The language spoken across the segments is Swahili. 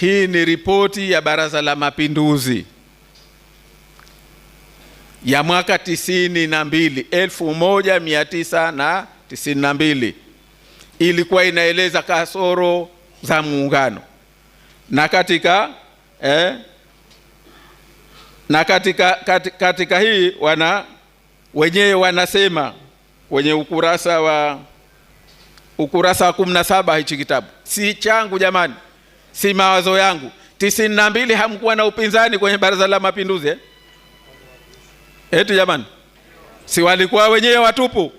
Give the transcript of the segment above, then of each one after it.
Hii ni ripoti ya Baraza la Mapinduzi ya mwaka tisini na mbili, elfu moja mia tisa na tisini na mbili ilikuwa inaeleza kasoro za muungano na katika eh, na katika, katika, katika hii wana wenyewe wanasema kwenye ukurasa wa ukurasa wa 17 hichi kitabu si changu jamani si mawazo yangu. tisini na mbili hamkuwa na upinzani kwenye baraza la mapinduzi eh? Eti jamani, si walikuwa wenyewe watupu?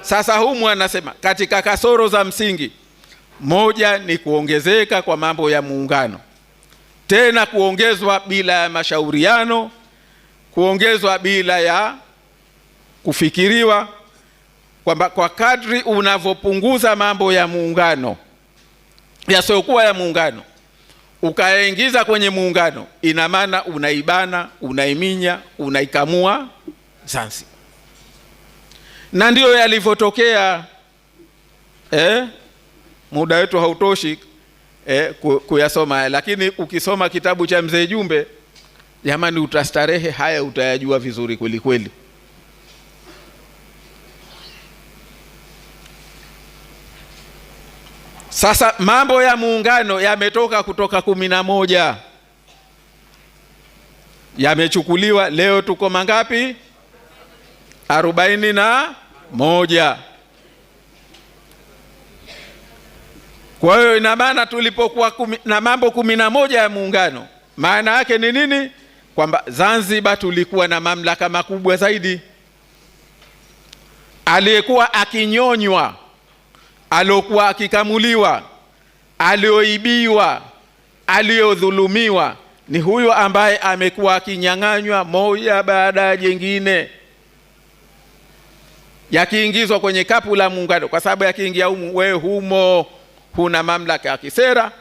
Sasa humu anasema katika kasoro za msingi, moja ni kuongezeka kwa mambo ya muungano, tena kuongezwa bila ya mashauriano, kuongezwa bila ya kufikiriwa, kwamba kwa kadri unavyopunguza mambo ya muungano yasiokuwa ya muungano ukayaingiza kwenye muungano, ina maana unaibana, unaiminya, unaikamua Zanzibar, na ndiyo yalivyotokea. Eh, muda wetu hautoshi eh, kuyasoma, lakini ukisoma kitabu cha mzee Jumbe, jamani, utastarehe. Haya utayajua vizuri kweli kweli. Sasa mambo ya muungano yametoka kutoka kumi na moja yamechukuliwa, leo tuko mangapi? arobaini na moja. Kwa hiyo ina maana tulipokuwa kumi, na mambo kumi na moja ya muungano, maana yake ni nini? Kwamba Zanzibar tulikuwa na mamlaka makubwa zaidi. Aliyekuwa akinyonywa aliokuwa akikamuliwa, alioibiwa, aliyodhulumiwa ni huyo ambaye amekuwa akinyang'anywa moja baada ya jingine, yakiingizwa kwenye kapu la muungano, kwa sababu yakiingia humu, wewe humo huna mamlaka ya kisera,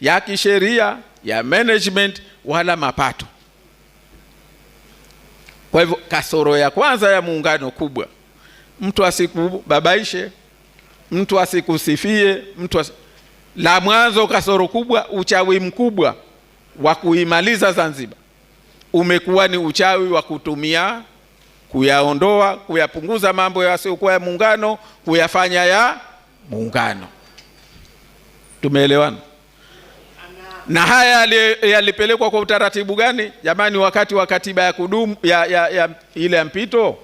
ya kisheria, ya management wala mapato. Kwa hivyo kasoro ya kwanza ya muungano kubwa, mtu asikubabaishe mtu asikusifie mtu asi... la mwanzo kasoro kubwa, uchawi mkubwa wa kuimaliza Zanzibar umekuwa ni uchawi wa kutumia kuyaondoa, kuyapunguza mambo yasiokuwa ya muungano, kuyafanya ya muungano. Tumeelewana? na haya yalipelekwa kwa utaratibu gani jamani? Wakati wa katiba ya kudumu ya, ya, ya ile ya mpito